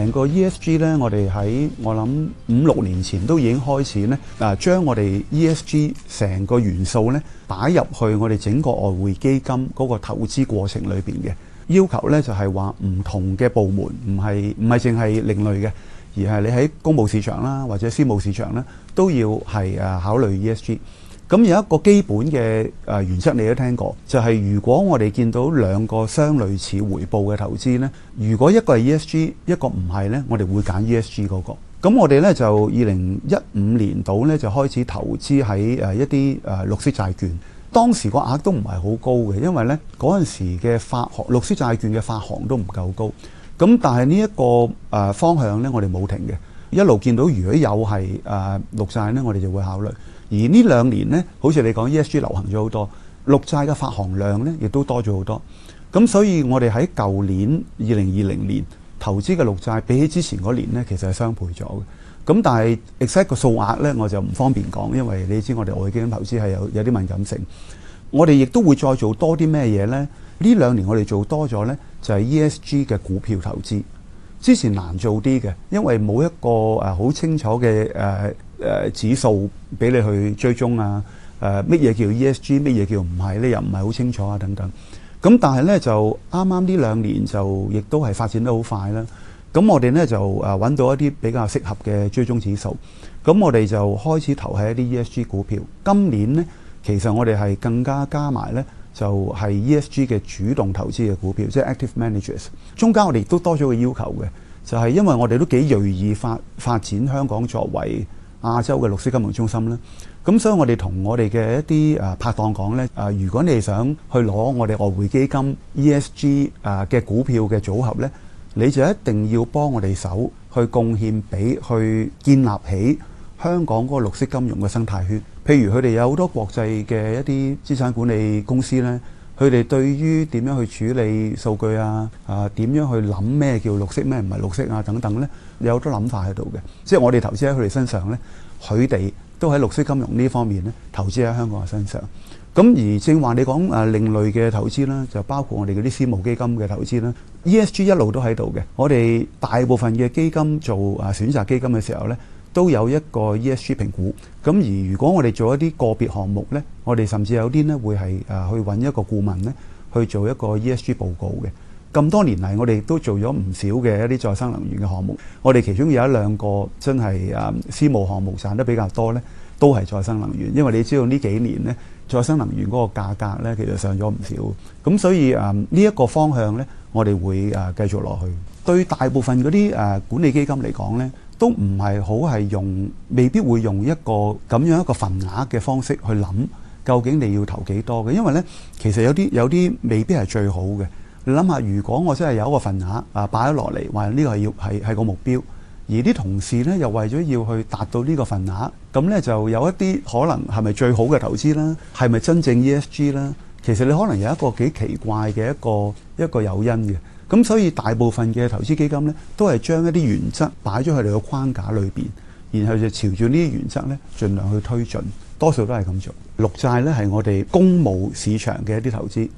成個 ESG 呢，我哋喺我諗五六年前都已經開始呢。將我哋 ESG 成個元素呢，擺入去我哋整個外匯基金嗰個投資過程裏面嘅要求呢，就係話唔同嘅部門，唔係唔係淨係另類嘅，而係你喺公務市場啦或者私募市場呢，都要係誒考慮 ESG。咁有一個基本嘅誒原則，你都聽過，就係如果我哋見到兩個相類似回報嘅投資咧，如果一個係 ESG，一個唔係咧，我哋會揀 ESG 嗰個。咁我哋咧就二零一五年度咧就開始投資喺誒一啲誒綠色債券。當時個額都唔係好高嘅，因為咧嗰陣時嘅發行綠色債券嘅發行都唔夠高。咁但係呢一個誒方向咧，我哋冇停嘅，一路見到如果有係誒綠債咧，我哋就會考慮。而呢兩年呢，好似你講 E S G 流行咗好多，綠債嘅發行量呢亦都多咗好多。咁所以我哋喺舊年二零二零年投資嘅綠債，比起之前嗰年呢，其實係雙倍咗嘅。咁但係 exact 個數額呢，我就唔方便講，因為你知我哋外匯基金投資係有有啲敏感性。我哋亦都會再做多啲咩嘢呢？呢兩年我哋做多咗呢，就係、是、E S G 嘅股票投資。之前難做啲嘅，因為冇一個好清楚嘅誒、呃、指數俾你去追蹤啊！誒、呃，乜嘢叫 ESG，乜嘢叫唔係呢？又唔係好清楚啊！等等。咁但係呢，就啱啱呢兩年就亦都係發展得好快啦。咁我哋呢，就誒揾到一啲比較適合嘅追蹤指數。咁我哋就開始投喺一啲 ESG 股票。今年呢，其實我哋係更加加埋呢，就係、是、ESG 嘅主動投資嘅股票，即係 active managers。中間我哋都多咗個要求嘅，就係、是、因為我哋都幾鋭意發發展香港作為亞洲嘅綠色金融中心咧，咁所以我哋同我哋嘅一啲誒拍檔講咧，誒如果你係想去攞我哋外匯基金 ESG 誒嘅股票嘅組合咧，你就一定要幫我哋手去貢獻俾去建立起香港嗰個綠色金融嘅生態圈。譬如佢哋有好多國際嘅一啲資產管理公司咧。佢哋對於點樣去處理數據啊，啊點樣去諗咩叫綠色，咩唔係綠色啊等等呢，有好多諗法喺度嘅。即係我哋投資喺佢哋身上呢，佢哋都喺綠色金融呢方面呢投資喺香港嘅身上。咁而正話你講啊另類嘅投資啦，就包括我哋嗰啲私募基金嘅投資啦。ESG 一路都喺度嘅，我哋大部分嘅基金做啊選擇基金嘅時候呢，都有一個 ESG 評估，咁而如果我哋做一啲個別項目咧，我哋甚至有啲咧會係誒去揾一個顧問咧，去做一個 ESG 報告嘅。咁多年嚟，我哋亦都做咗唔少嘅一啲再生能源嘅項目。我哋其中有一兩個真係啊，私募項目賺得比較多咧，都係再生能源。因為你知道呢幾年咧，再生能源嗰個價格咧其實上咗唔少，咁所以誒呢一個方向咧，我哋會誒繼續落去。對大部分嗰啲誒管理基金嚟講咧，都唔係好係用，未必會用一個咁樣一個份額嘅方式去諗，究竟你要投幾多嘅？因為呢，其實有啲有啲未必係最好嘅。你諗下，如果我真係有一個份額啊擺咗落嚟，話呢個係要係係個目標，而啲同事呢又為咗要去達到呢個份額，咁呢就有一啲可能係咪最好嘅投資啦？係咪真正 ESG 啦？其實你可能有一個幾奇怪嘅一個一個誘因嘅。咁所以大部分嘅投資基金咧，都係將一啲原則擺咗佢哋嘅框架裏邊，然後就朝住呢啲原則咧，盡量去推進，多數都係咁做。綠債咧係我哋公募市場嘅一啲投資，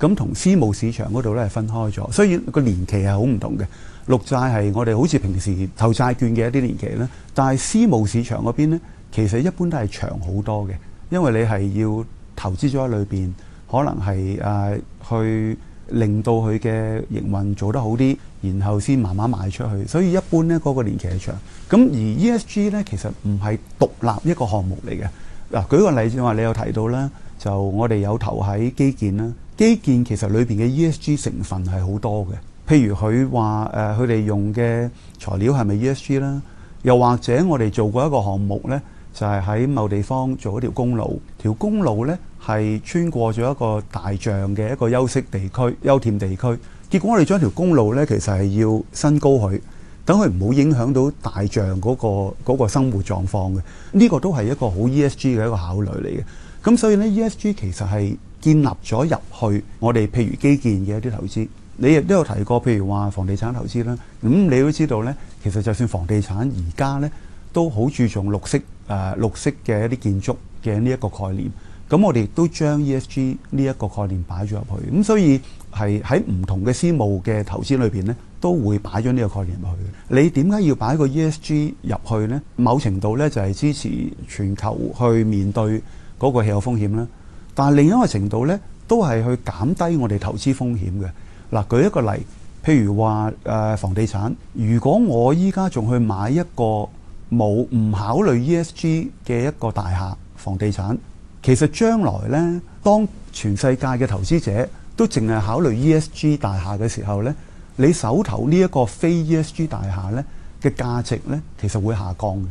咁同私募市場嗰度咧係分開咗，所以個年期係好唔同嘅。綠債係我哋好似平時投債券嘅一啲年期咧，但係私募市場嗰邊咧，其實一般都係長好多嘅，因為你係要投資咗喺裏邊，可能係誒、啊、去。令到佢嘅營運做得好啲，然後先慢慢賣出去。所以一般呢嗰、嗰個年期係長。咁而 ESG 呢，其實唔係獨立一個項目嚟嘅。嗱，舉個例子話，你有提到啦，就我哋有投喺基建啦。基建其實裏面嘅 ESG 成分係好多嘅。譬如佢話誒，佢哋用嘅材料係咪 ESG 啦？又或者我哋做過一個項目呢。就係喺某地方做一條公路，條公路呢，係穿過咗一個大象嘅一個休息地區、休憩地區。結果我哋將條公路呢，其實係要升高佢，等佢唔好影響到大象嗰個嗰個生活狀況嘅。呢個都係一個好 ESG 嘅一個考慮嚟嘅。咁所以呢，ESG 其實係建立咗入去我哋譬如基建嘅一啲投資。你亦都有提過，譬如話房地產投資啦。咁你都知道呢，其實就算房地產而家呢都好注重綠色。誒、呃、綠色嘅一啲建築嘅呢一個概念，咁我哋亦都將 ESG 呢一個概念擺咗入去，咁所以係喺唔同嘅私募嘅投資裏面呢，都會擺咗呢個概念入去。你點解要擺個 ESG 入去呢？某程度呢，就係、是、支持全球去面對嗰個氣候風險啦，但係另一個程度呢，都係去減低我哋投資風險嘅。嗱、呃，舉一個例，譬如話、呃、房地產，如果我依家仲去買一個。冇唔考慮 E S G 嘅一個大廈，房地產。其實將來呢，當全世界嘅投資者都淨係考慮 E S G 大廈嘅時候呢，你手頭呢一個非 E S G 大廈呢嘅價值呢，其實會下降嘅。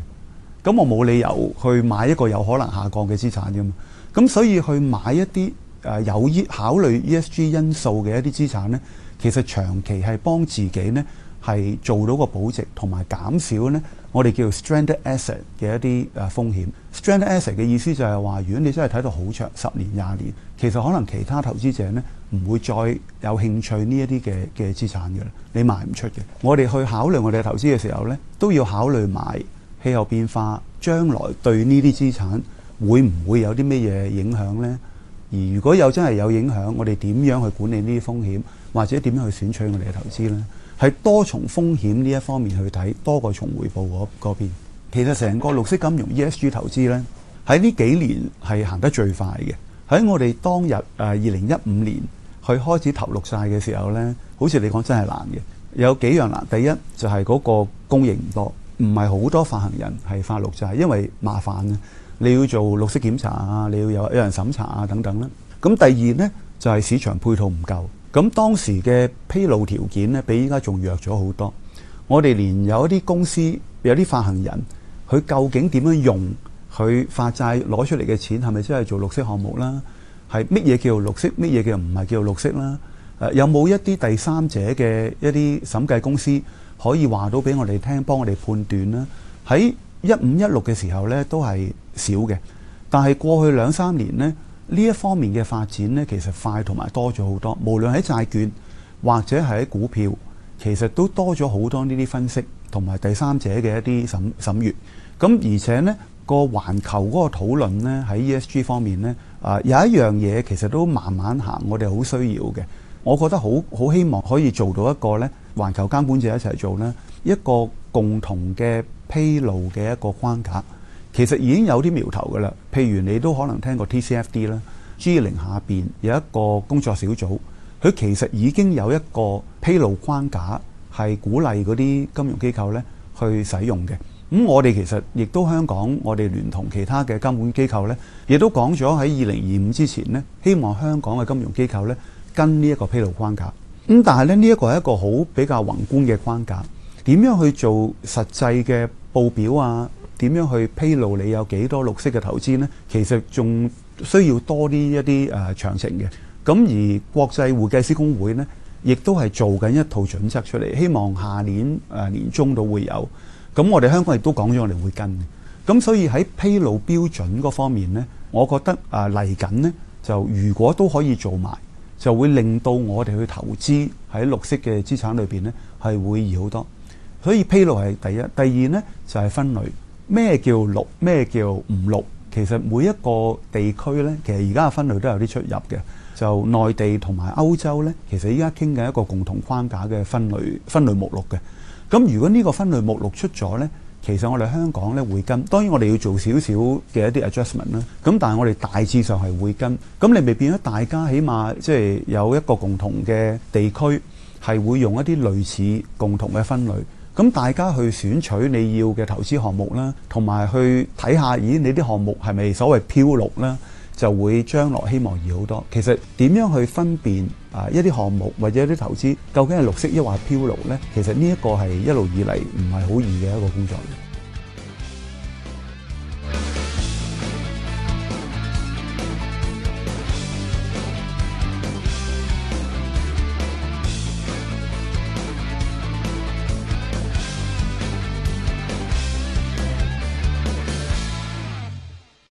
咁我冇理由去買一個有可能下降嘅資產啫嘛。咁所以去買一啲、呃、有依考慮 E S G 因素嘅一啲資產呢，其實長期係幫自己呢，係做到個保值同埋減少呢。我哋叫做 stranded asset 嘅一啲誒風險，stranded asset 嘅意思就係話，如果你真係睇到好長，十年、廿年，其實可能其他投資者呢唔會再有興趣呢一啲嘅嘅資產嘅啦，你賣唔出嘅。我哋去考慮我哋投資嘅時候呢，都要考慮埋氣候變化將來對呢啲資產會唔會有啲咩嘢影響呢，而如果有真係有影響，我哋點樣去管理呢啲風險，或者點樣去選取我哋嘅投資呢？係多重風險呢一方面去睇，多過重回報嗰邊，其實成個綠色金融 ESG 投資呢，喺呢幾年係行得最快嘅。喺我哋當日誒二零一五年去開始投綠債嘅時候呢，好似你講真係難嘅，有幾樣難。第一就係、是、嗰個供應唔多，唔係好多發行人係發綠債，因為麻煩啊，你要做綠色檢查啊，你要有有人審查啊等等啦。咁第二呢。就係市場配套唔夠，咁當時嘅披露條件呢，比依家仲弱咗好多。我哋連有一啲公司、有啲發行人，佢究竟點樣用佢發債攞出嚟嘅錢，係咪真係做綠色項目啦？係乜嘢叫綠色，乜嘢叫唔係叫綠色啦？誒，有冇一啲第三者嘅一啲審計公司可以話到俾我哋聽，幫我哋判斷啦？喺一五一六嘅時候呢，都係少嘅，但係過去兩三年呢。呢一方面嘅發展呢，其實快同埋多咗好多。無論喺債券或者喺股票，其實都多咗好多呢啲分析同埋第三者嘅一啲審審閱。咁而且呢個環球嗰個討論呢，喺 ESG 方面呢，啊、呃、有一樣嘢其實都慢慢行，我哋好需要嘅。我覺得好好希望可以做到一個呢環球監管者一齊做呢一個共同嘅披露嘅一個關卡。其實已經有啲苗頭嘅啦，譬如你都可能聽過 TCFD 啦，G20 下面有一個工作小組，佢其實已經有一個披露框架，係鼓勵嗰啲金融機構呢去使用嘅。咁、嗯、我哋其實亦都香港，我哋聯同其他嘅監管機構呢，亦都講咗喺二零二五之前呢，希望香港嘅金融機構呢跟呢一個披露框架。咁、嗯、但係呢、這個、是一個係一個好比較宏觀嘅框架，點樣去做實際嘅報表啊？點樣去披露？你有幾多綠色嘅投資呢？其實仲需要多啲一啲誒詳情嘅。咁而國際會計師公會呢，亦都係做緊一套準則出嚟，希望下年誒年中都會有。咁我哋香港亦都講咗，我哋會跟。咁所以喺披露標準嗰方面呢，我覺得誒嚟緊呢，就如果都可以做埋，就會令到我哋去投資喺綠色嘅資產裏邊呢，係會易好多。所以披露係第一，第二呢，就係分類。咩叫綠？咩叫唔綠？其實每一個地區呢，其實而家嘅分類都有啲出入嘅。就內地同埋歐洲呢，其實依家傾緊一個共同框架嘅分類，分類目錄嘅。咁如果呢個分類目錄出咗呢，其實我哋香港呢會跟。當然我哋要做少少嘅一啲 adjustment 啦。咁但係我哋大致上係會跟。咁你咪變咗大家起碼即係有一個共同嘅地區，係會用一啲類似共同嘅分類。咁大家去選取你要嘅投資項目啦，同埋去睇下，咦，你啲項目係咪所謂漂綠呢，就會將來希望易好多。其實點樣去分辨啊一啲項目或者一啲投資究竟係綠色抑或係漂綠呢？其實呢一個係一路以嚟唔係好易嘅一個工作。